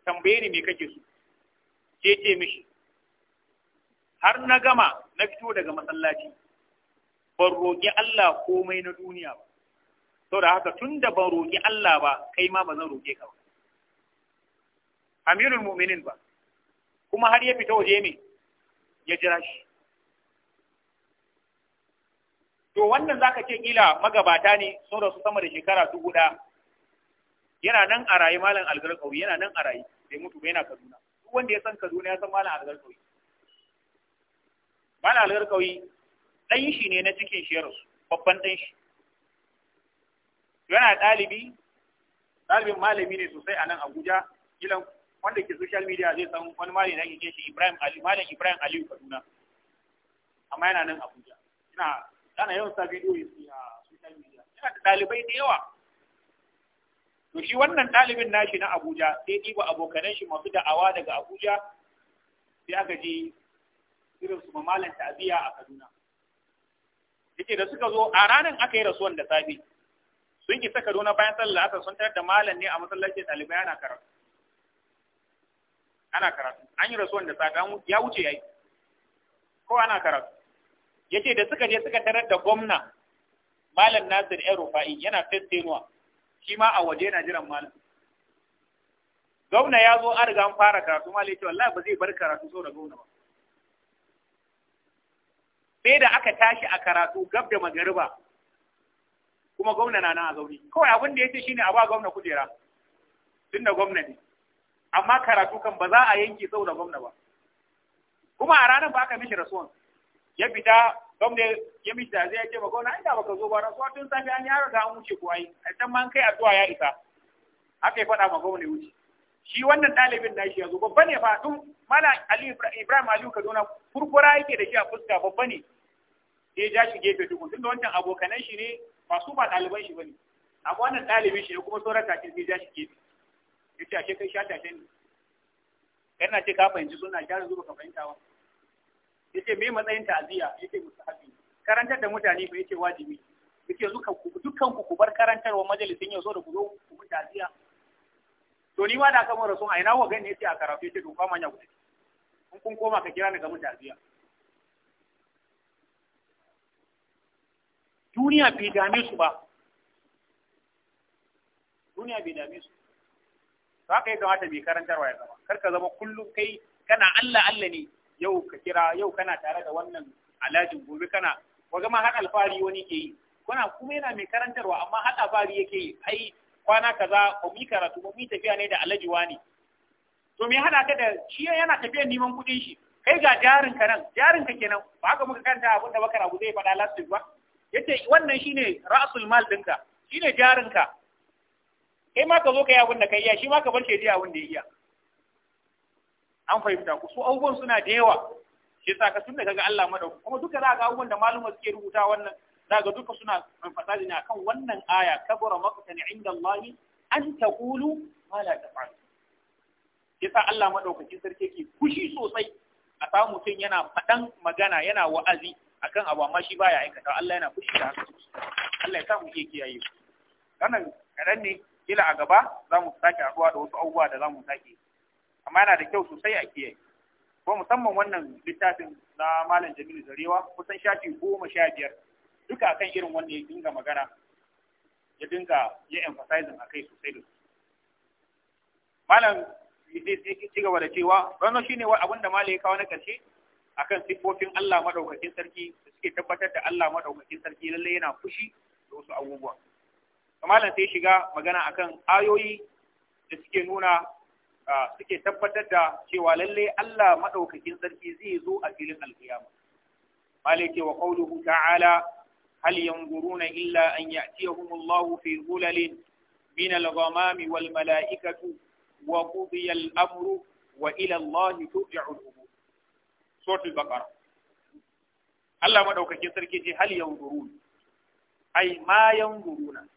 tambaye ni me kake so Ke ce mishi har na gama na fito daga masallaci ban roƙi Allah komai na duniya ba saboda haka tun da ban roƙi Allah ba kai ma ba zan roƙe ka ba amirul mu'minin ba kuma har ya fita waje me ya jira shi to wannan zaka ce kila magabata ne sun rasu sama da shekara dubu ɗaya yana nan a rayu malam kauye. yana nan a rayu bai mutu ba yana kaduna duk wanda ya san kaduna ya san malam kauye. malam algarkawi ɗan shi ne na cikin shi babban ɗan shi yana ɗalibi ɗalibin malami ne sosai a nan abuja gilan wanda ke social media zai san wani malami da ake shi ibrahim ali malam ibrahim aliyu kaduna amma yana nan abuja ina ana yawan sa bidiyo a social media yana da ɗalibai da yawa to shi wannan ɗalibin nashi na Abuja sai ɗiba abokanan shi masu da'awa daga Abuja sai aka je irin su mamalan ta'aziya a Kaduna yake da suka zo a ranar aka yi rasuwan da safe sun ki ta Kaduna bayan sallah aka sun tarar da malam ne a masallacin ɗalibai ana karatu ana karatu an yi rasuwan da safe ya wuce yayi ko ana karatu Yake da suka je suka tarar da gwamna malam Nasir El Rufai yana festenuwa shi ma a waje yana jiran malam gwamna ya zo an riga an fara karatu malam ya ce wallahi ba zai bar karatu sau da gwamna ba sai da aka tashi a karatu gab da magariba kuma gwamna na nan a zaune kawai abin da ya ce shine a ba gwamna kujera tun da gwamna ne amma karatu kan ba za a yanke sau da gwamna ba kuma a ranar ba aka mishi rasuwan ya fita gwamna ya mishi da zai ce ba gwamna inda baka zo ba rasuwa tun safe an yaro da an wuce ko ai a can ma kai addu'a ya isa haka ya faɗa ma gwamna ya wuce shi wannan ɗalibin na shi ya zo babba ne fa tun mala ali ibrahim aliyu kaduna furfura yake da shi a fuska babba ne sai ja shi gefe duk tun da wancan abokanan shi ne masu ba ɗaliban shi bane amma wannan ɗalibin shi ne kuma sauran ce sai ja shi gefe yace ashe kai sha tashin ne kana ce ka fahimci suna sha zuba ka fahimta ba yake me matsayin ta'aziyya yake mustahabi karantar da mutane ba yake wajibi yake zuka dukkan ku bar karantarwa majalisin yau so da ku zo ku mu ta'aziyya to ni ma da kamar rasul ai na wa gani a karatu yake to kwamanya ku in kun koma ka kira ni ga mu ta'aziyya duniya bai dame su ba duniya bai dame su ba ka yi kamata mai karantarwa ya zama kar ka zama kullum kai kana Allah Allah ne yau ka kira yau kana tare da wannan alhajin gobe kana wajen ma har alfahari wani ke yi kuna kuma yana mai karantarwa amma har alfahari yake yi ai kwana kaza ko mi karatu ko mi tafiya ne da alhaji wani to me hada ka da shi yana tafiya neman kuɗin shi kai ga jarin ka nan jarin ka kenan ba ka muka kanta abin da baka zai faɗa last ba yace wannan shine ra'sul mal ɗinka shine jarin ka kai ma ka zo ka yi abin da ka iya shi ma ka bar shi ya abin da ya iya an fahimta ku su abubuwan suna da yawa shi yasa ka tunda kaga Allah madauki kuma duka za ga abubuwan da maluma suke rubuta wannan za ga duka suna fasali ne akan wannan aya kabura maqtan inda Allah an taqulu ma la taf'alu yasa Allah madaukakin sarki yake kushi sosai a samu mutum yana faɗan magana yana wa'azi akan abu amma shi baya aikata Allah yana kushi da haka Allah ya samu iya kiyaye wannan kadan ne kila a gaba za mu sake haɗuwa da wasu abubuwa da za mu sake amma yana da kyau sosai a kiyaye ko musamman wannan littafin na malam Jamilu Zarewa kusan shafi goma sha biyar duka akan irin wanda ya dinga magana ya dinga ya emphasizing akai sosai da su. malam zai ci gaba da cewa wannan shine abin da Malam ya kawo na karshe akan siffofin Allah madaukakin sarki da suke tabbatar da Allah madaukakin sarki lalle yana fushi da wasu abubuwa malam sai shiga magana akan ayoyi da suke nuna suke tabbatar da cewa lalle Allah madaukakin sarki zai zo a filin alkiyama malike wa qawluhu ta'ala hal yanzuruna illa an ya'tiyahum Allah fi zulalin min al-ghamami wal mala'ikatu wa qudiya al-amru wa ila Allah turja'u al-umur suratul baqara Allah madaukakin sarki ce hal yanzuruna ai ma yanzuruna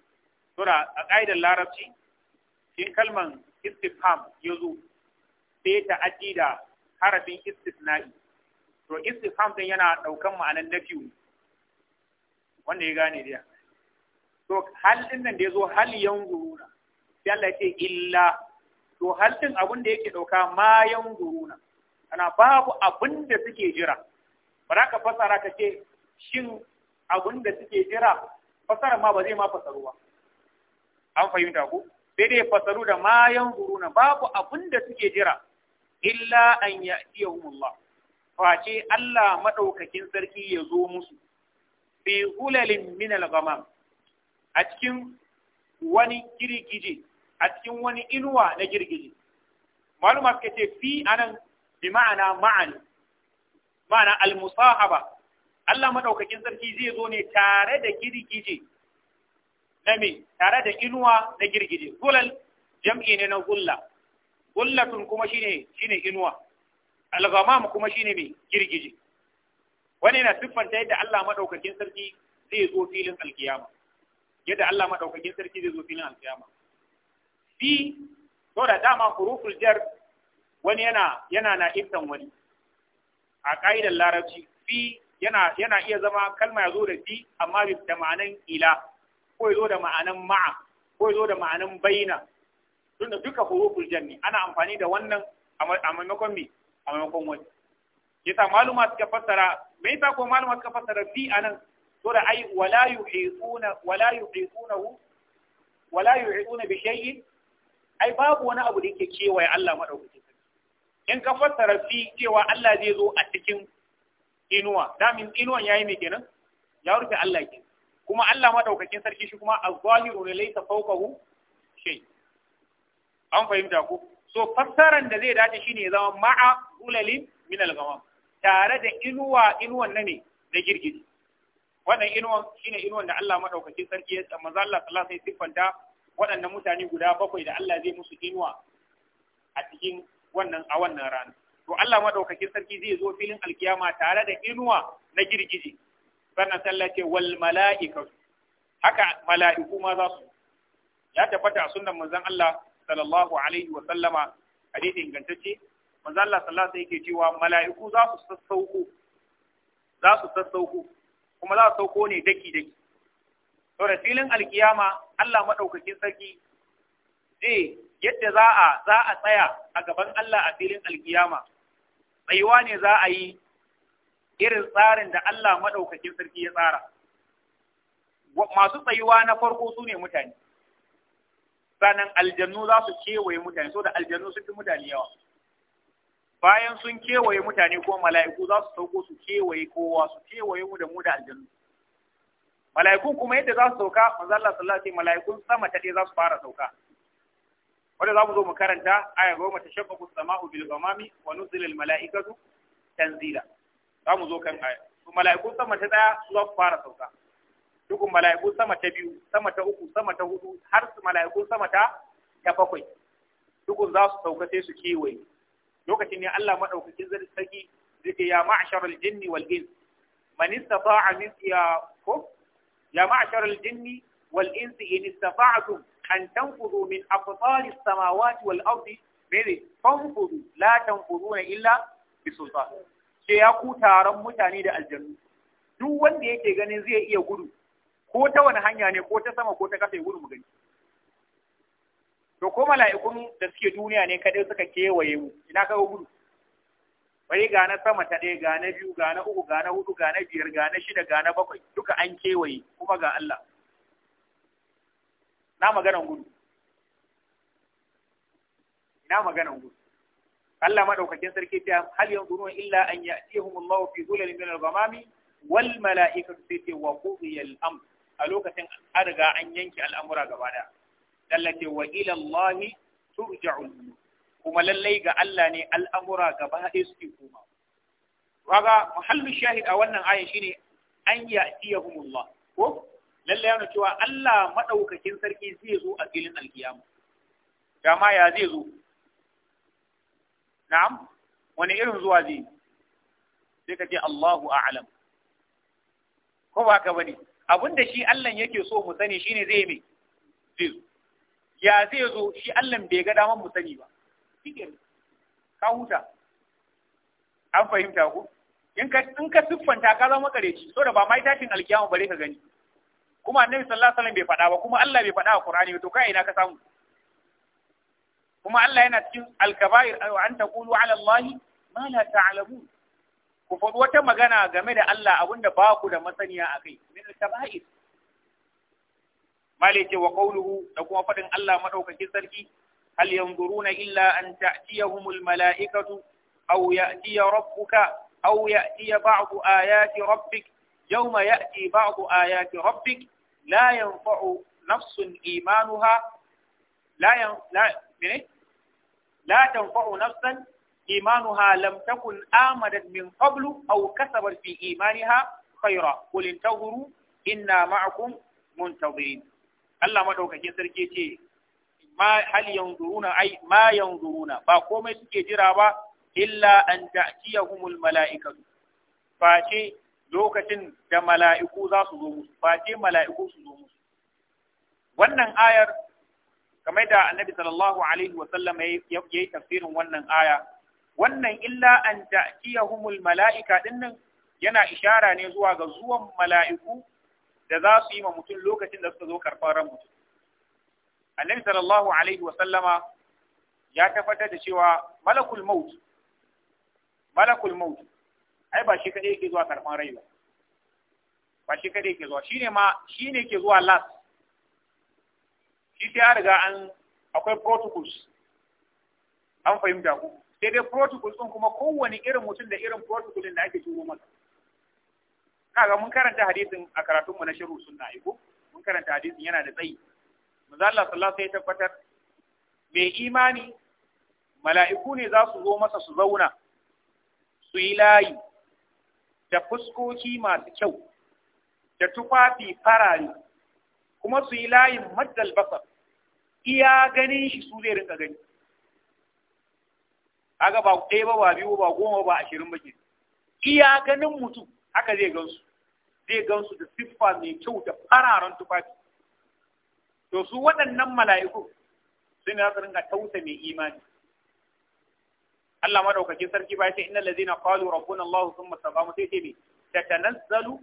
sura a ƙa'idar larabci in kalman istifham ya zo sai ta da harafin istifnai to istifham din yana daukan ma'anan nafi wanda ya gane dai to hal din nan da yazo hal yanzuruna sai Allah ya ce illa to hal din abin da yake dauka ma yanzuruna ana babu abin da suke jira ba za ka fasara ka ce shin abin da suke jira fasara ma ba zai ma fasaruwa an fahimta ko? sai dai fasaru da mayan guruna babu abin da suke jira illa an ya'tiyahumullah face Allah madaukakin sarki ya zo musu bi hulalin min al-ghamam a cikin wani girgije a cikin wani inuwa na girgije maluma suka ce fi anan bi ma'ana ma'ani ma'ana al-musahaba Allah madaukakin sarki zai zo ne tare da girgije na me tare da inuwa na girgije Gulal jam'i ne na gulla gullatun kuma shine shine inuwa al-ghamam kuma shine mai girgije wani yana siffanta yadda Allah madaukakin sarki zai zo filin alkiyama yadda Allah madaukakin sarki zai zo filin alkiyama fi to da dama huruful jar wani yana yana na ibtan wani a ka'idar larabci fi yana yana iya zama kalma ya zo da fi amma da ma'anan ila ko ya zo da ma'anan ma'a ko ya zo da ma'anan baina tunda duka huruful janni ana amfani da wannan a maimakon mi a maimakon wani yasa maluma suka fassara me yasa ko maluma suka fassara fi anan to da ai wala yuhituna wala yuhitunahu wala yuhituna bi shay'in ai babu wani abu da yake kewaye Allah madaukaki in ka fassara fi cewa Allah zai zo a cikin inuwa min inuwan yayi me kenan ya rufe Allah kenan kuma Allah madaukakin sarki shi kuma az-zahiru ne laysa fawqahu shay an fahimta ku so fassaran da zai dace shine ya zama ma'a ulalin min al-ghamam tare da inuwa inuwan na ne da girgiji wannan inuwan shine inuwan da Allah madaukakin sarki ya manzo Allah sallallahu alaihi siffanta waɗannan mutane guda bakwai da Allah zai musu inuwa a cikin wannan a wannan rana to Allah madaukakin sarki zai zo filin alkiyama tare da inuwa na girgiji sannan sallah ce wal mala'ika haka mala'iku ma za su ya tabbata a sunan manzan Allah sallallahu alaihi wa sallama hadisi ingantacce manzan Allah sallallahu alaihi yake cewa mala'iku za su sassauko za su sassauko kuma za su sauko ne daki daki to da filin alkiyama Allah madaukakin sarki zai yadda za a za a tsaya a gaban Allah a filin alkiyama tsayuwa ne za a yi irin tsarin da Allah maɗaukakin sarki ya tsara masu tsayuwa na farko su ne mutane sannan aljannu za su kewaye mutane so da aljannu su fi mutane yawa bayan sun kewaye mutane ko mala'iku za su sauko su kewaye kowa su kewaye mu da mu da aljannu mala'ikun kuma yadda za su sauka manzo Allah sallallahu alaihi mala'ikun sama ta za su fara sauka wanda za mu zo mu karanta aya goma tashabbaqu as-sama'u bil gamami wa nuzila al-mala'ikatu tanzila za mu zo kan aya mala'ikun sama ta daya su za su fara sauka Duk mala'ikun sama ta biyu sama ta uku sama ta hudu har su mala'ikun sama ta ta bakwai Duk za su sauka sai su kewaye lokacin ne Allah madaukakin sarki zai ya ma'ashar al-jinni wal ins man istata'a min ya ko ya ma'ashar al-jinni wal ins in istata'tum an tanfudhu min aqtari as-samawati wal ardi bere fanfudhu la tanfuduna illa bisultan ce ya ku taron mutane da aljanu duk wanda yake ganin zai iya gudu ko ta wani hanya ne ko ta sama ko ta kasa ya gudu mu gani to ko mala'ikun da suke duniya ne kadai suka kewaye mu ina ka gudu bari ga na sama ta ɗaya ga na biyu ga na uku ga na hudu ga na biyar ga na shida ga na bakwai duka an kewaye kuma ga Allah na maganan gudu na maganan gudu Allah madaukakin sarki ta hal yanzu yanzuruna illa an ya'tihum Allah fi zulalin min al-ghamami wal mala'ikatu sai ce wa qudiya al-amr a lokacin an riga an yanke al'amura gaba da Allah ce wa ila Allah turja'u kuma lallai ga Allah ne al'amura gaba ɗaya suke koma kaga muhallin shahid a wannan ayin shine an ya'tiyahumullah ko lallai yana cewa Allah madaukakin sarki zai zo a filin alkiyama dama ya zai zo na'am wani irin zuwa zai sai ka ce Allahu a'lam ko ba ka bane abinda shi Allah yake so mu sani shine zai mai zai zo ya zai zo shi Allah bai ga daman mu sani ba shike ka huta an fahimta ku in ka in ka siffanta ka zama kareci so da ba mai tashin alkiyama bare ka gani kuma annabi sallallahu alaihi wasallam bai faɗa ba kuma Allah bai faɗa a Qur'ani to kai ina ka samu kuma Allah yana cikin alkabair an taqulu ala Allah ma la ta'lamun ku faɗi wata magana game da Allah abinda ba ku da masaniya a kai, min alkabair malike wa qawluhu da kuma faɗin Allah madaukakin sarki hal yanzuruna illa an ta'tiyahumul mala'ikatu aw ya'tiya rabbuka aw ya'tiya ba'du ayati rabbik yawma ya'ti ba'du ayati rabbik la yanfa'u nafsun imanuha la, la, ne la tanfa'u nafsan imanuha lam takun amadat min qablu aw kasabat fi imaniha khayra qul intahuru inna ma'akum muntadhirin Allah madaukakin sarki ce ma hal yanzuruna ma yanzuruna ba komai suke jira ba illa an mala'ika mala'ikatu face lokacin da mala'iku za su zo musu face mala'iku su zo musu wannan ayar kamar da annabi sallallahu alaihi wa sallam yayi tafsirin wannan aya wannan illa an ta'tiyahumul mala'ika dinnan yana ishara ne zuwa ga zuwan mala'iku da za su yi ma mutum lokacin da suka zo karɓar ran mutum annabi sallallahu alaihi wa sallama ya tabbatar da cewa malakul maut malakul maut ai ba shi kadai yake zuwa karɓar rai ba ba shi kadai yake zuwa shine ma shine yake zuwa last ita ya riga an akwai protocols an fahimta ku sai dai protocols ɗin kuma kowane irin mutum da irin protocol da ake turo masa kaga mun karanta hadisin a karatun mu na shiru sunna iko mun karanta hadisin yana da tsayi manzo Allah sallallahu alaihi wasallam ya tabbatar mai imani mala'iku ne za su zo masa su zauna su yi layi da fuskoki masu kyau da tufafi farare kuma su yi layin maddal basar iya ganin shi su zai rinka gani aga ba ɗaya ba ba biyu ba goma ba ashirin ba ke iya ganin mutum haka zai gansu zai gansu da siffa mai kyau da fararen tufafi to su waɗannan mala'iku sun za su rinka tausa mai imani Allah madaukakin sarki ba sai innal ladzina qalu rabbuna Allah thumma istaqamu sai ce me tatanazzalu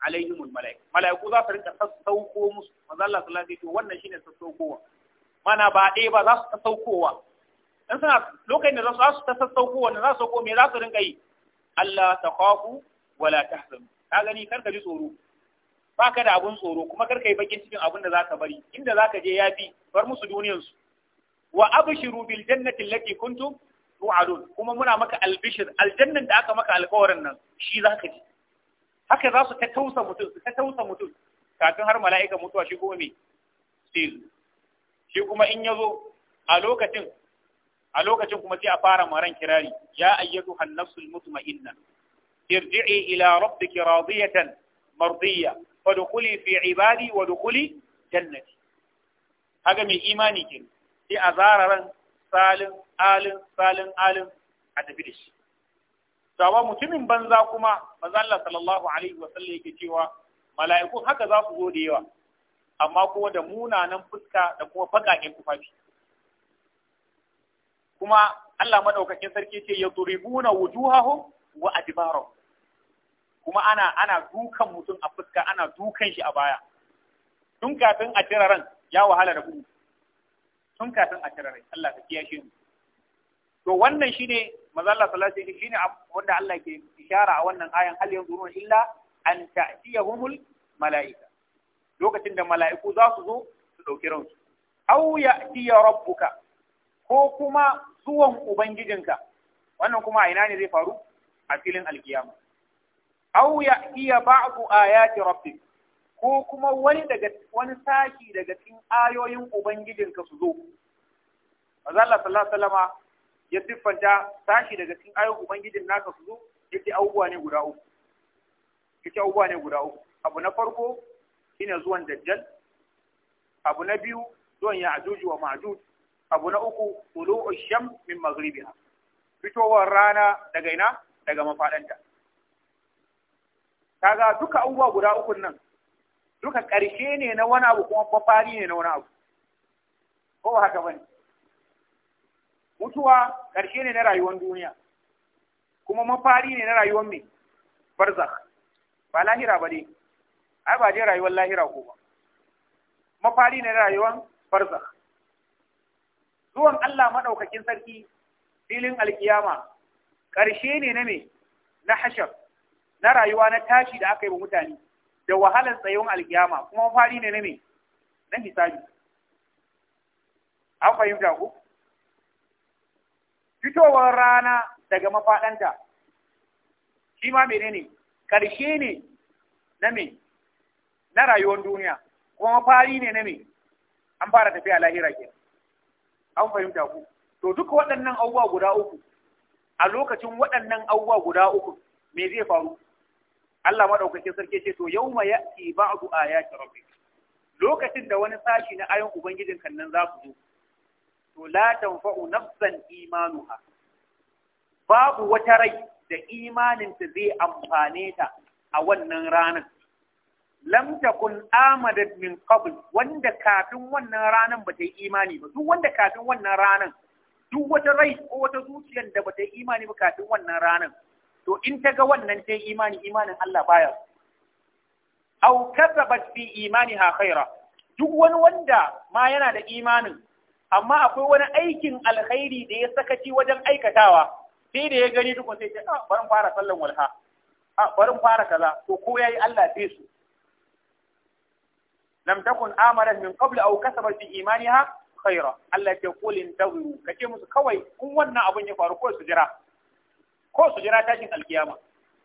alaihimul mala'ik mala'iku za su rinka sassauko musu manzo Allah sallallahu alaihi wasallam wannan shine sassaukowa mana ba ɗaya ba za su ta saukowa in suna lokacin da za su ta sassaukowa da za su sauko me za su rinka yi Allah ta khafu wala ta tahzanu ka gani kar ka ji tsoro ba ka da abun tsoro kuma kar ka yi bakin cikin abin da za ka bari inda za ka je ya fi bar musu duniyarsu wa abshiru bil jannati allati kuntum tu'adun kuma muna maka albishir aljannan da aka maka alƙawarin nan shi za ka ji haka za su ta tausa mutum su ta tausa mutum kafin har mala'ika mutuwa shi me sai shi kuma in ya zo a lokacin a lokacin kuma sai a fara maran kirari ya ayyatu hannasul mutma'inna irji'i ila rabbiki radiyatan mardiyya fadkhuli fi ibadi wa dkhuli jannati Haga mai imani ke sai a zararan salin alin salin alin a tafi da shi to mutumin banza kuma manzo Allah sallallahu alaihi wa sallam yake cewa mala'iku haka za su zo da yawa amma kuma da munanan fuska da kuma baƙaƙen tufafi kuma Allah madaukakin sarki ce ya yadribuna wujuhahu wa adbarahum kuma ana ana dukan mutum a fuska ana dukan shi a baya tun kafin a tira ran ya wahala da gudu tun kafin a tira ran Allah ta kiyashe mu to wannan shine manzo Allah sallallahu alaihi shine wanda Allah ke ishara a wannan ayan hal yanzuruna illa an ta'tiyahumul malaika lokacin da mala'iku za su zo su ɗauki ransu aw ya'tiya rabbuka ko kuma zuwan ubangijinka wannan kuma a ina ne zai faru a filin alkiyama aw ya'tiya ba'du ayati rabbik ko kuma wani daga wani sashi daga cikin ayoyin ubangijinka su zo manzo sallallahu alaihi ya siffanta sashi daga cikin ayoyin ubangijin naka su zo yake abubuwa ne guda uku Yake abubuwa ne guda uku abu na farko shine zuwan dajjal abu na biyu zuwan ajuju wa ma'juj abu na uku tulu'u shams min maghribiha fitowar rana daga ina daga mafadanta kaga duka abubuwa guda uku nan duka ƙarshe ne na wani abu kuma mafari ne na wani abu ko haka bane mutuwa ƙarshe ne na rayuwar duniya kuma mafari ne na rayuwar mai barzakh ba lahira ba dai ai ba je rayuwar lahira ko ba mafari ne rayuwar barzakh zuwan Allah madaukakin sarki filin alkiyama ƙarshe ne na me na hashar na rayuwa na tashi da aka yi wa mutane da wahalar tsayon alkiyama kuma mafari ne na me na hisabi an fahimta ku fitowar rana daga mafaɗanta shi ma menene ƙarshe ne na me na rayuwar duniya kuma mafari ne na me an fara tafiya lahira ke an fahimta ku to duka waɗannan abubuwa guda uku a lokacin waɗannan abubuwa guda uku me zai faru Allah maɗaukakin sarki ce to yau yawma ya'ti ba'du ayati rabbik lokacin da wani sashi na ayon ubangijin kannan za su zo to la tanfa'u nafsan imanuha babu wata rai da imaninta zai amfane ta a wannan ranar lam takun amadat min qabl wanda kafin wannan ranan ta yi imani ba duk wanda kafin wannan ranan duk wata rai ko wata zuciya da ba ta yi imani ba kafin wannan ranan to in ta ga wannan ta yi imani imanin Allah baya au kazabat fi imaniha khaira duk wani wanda ma yana da imanin amma akwai wani aikin alkhairi da ya sakaci wajen aikatawa sai da ya gani duk sai ce ah bari fara sallan walha ah bari fara kaza to ko yayi Allah sai su lam takun amarat min qabl aw kasabat imani imaniha khaira Allah ya qul intahu kace musu kawai kun wannan abun ya faru ko su jira su jira tashin alkiyama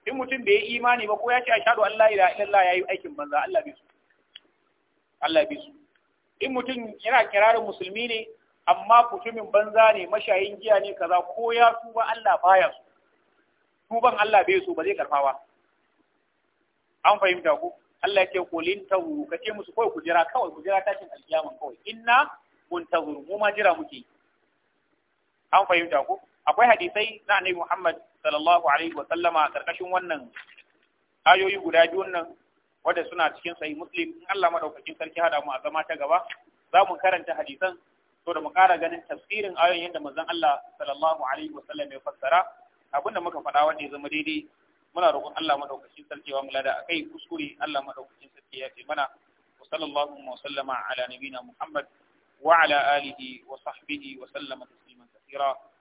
in mutum bai yi imani ba ko ya ce ashhadu an la ilaha illallah yayi aikin banza Allah bai bai su in mutum yana kirarin musulmi ne amma mutumin banza ne mashayin giya ne kaza ko ya tuba Allah baya su tuban Allah bai so ba zai karfawa an fahimta ku Allah ce kulin tawuru kace musu kawai ku jira kawai ku jira tashin alkiyama kawai inna muntazuru mu ma jira muke an fahimta ku akwai hadisai na annabi Muhammad sallallahu alaihi wa sallama karkashin wannan ayoyi guda biyun nan wanda suna cikin sahih Muslim in Allah madaukakin sarki hada mu a zama ta gaba za mu karanta hadisan to da mu ƙara ganin tafsirin ayoyin yadda manzon Allah sallallahu alaihi wa sallam ya fassara abinda muka faɗa wanda ya zama daidai muna roƙon Allah madaukakin sarki wa mulada akai kuskure Allah madaukakin sarki ya ce mana wa sallallahu wa sallama ala nabina Muhammad wa ala alihi wa sahbihi wa sallama tasliman kathira